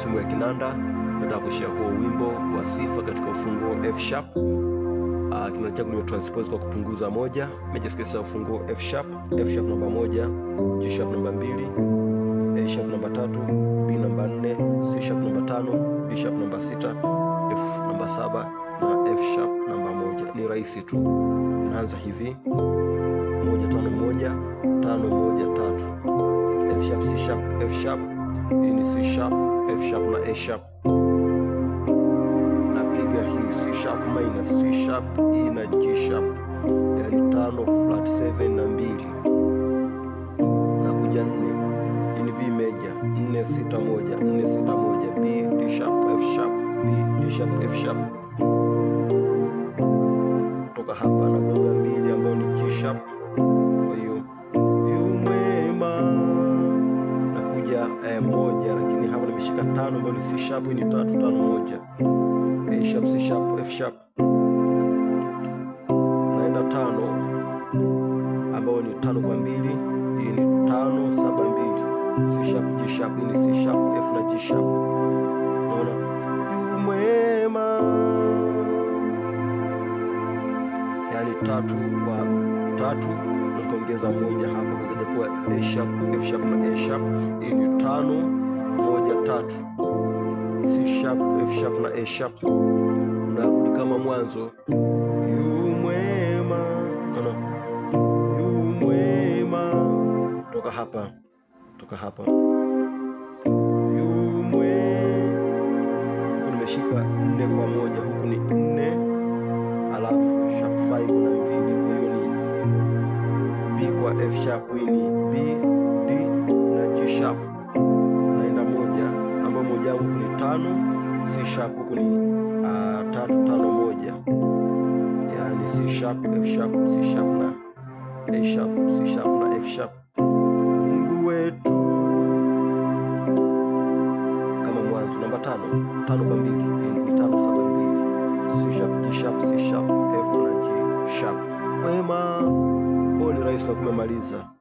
masomo ya kinanda. Nataka kushia huo wimbo wa sifa katika ufunguo F sharp. Uh, ah, kinanda changu nimetranspose kwa kupunguza moja, major scale ya ufunguo F sharp, F sharp namba moja, G sharp namba mbili, A sharp namba tatu, B namba nne, C sharp namba tano, D sharp namba sita, F namba saba na F sharp namba moja. Ni rahisi tu, naanza hivi moja tano moja tano moja tatu, F sharp, C sharp, F sharp hii ni C sharp, F sharp na A sharp. Napiga hii C sharp minus C sharp, E na G sharp ya yaani tano flat 7 na mbili na kuja nne, hii ni B major nne sita moja nne sita moja B D sharp F sharp B D sharp F sharp. Kutoka hapa nagonga mbili ambayo ni G sharp moja eh, moja, lakini hapa nimeshika tano ambayo ni C sharp. Hii ni tatu tano moja, A sharp, C sharp, F sharp, naenda tano ambayo ni tano kwa mbili. Hii ni tano saba mbili, C sharp, G sharp. Hii ni C sharp, F na G sharp. Naona mwema, yani tatu kwa tatu tukaongeza moja hapa kuwa A sharp, F sharp na A sharp. Hii ni tano moja tatu, C sharp, F sharp na A sharp. na kama mwanzo, yu no, no. toka hapa, toka hapa yumwe, nimeshika nne kwa moja kwa F sharp ili B D na G sharp, naenda moja, ambayo moja huku ni tano, C sharp huku ni uh, tatu tano moja, yani C sharp F sharp C sharp na A sharp C sharp na F sharp. Mungu wetu kama mwanzo, namba tano, tano kwa mbili ni tano saba mbili, C sharp G sharp C sharp F na G sharp wema hilo rais wa kumemaliza.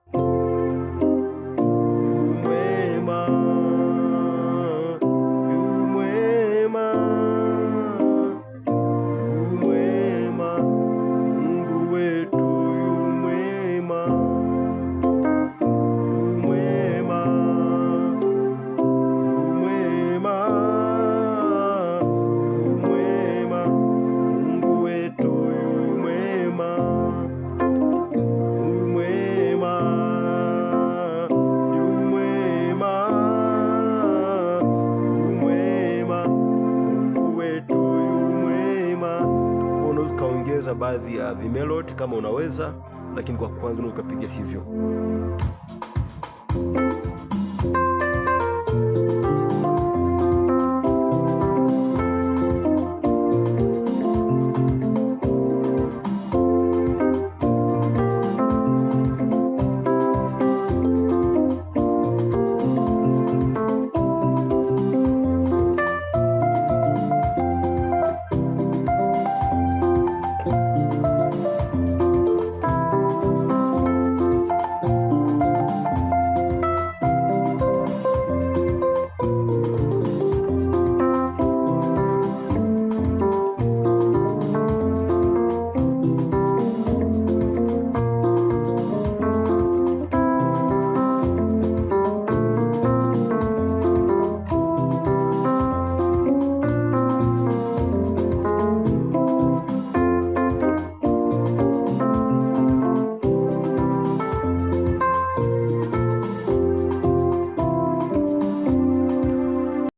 kuongeza baadhi ya vimelot kama unaweza, lakini kwa kwanza ukapiga hivyo.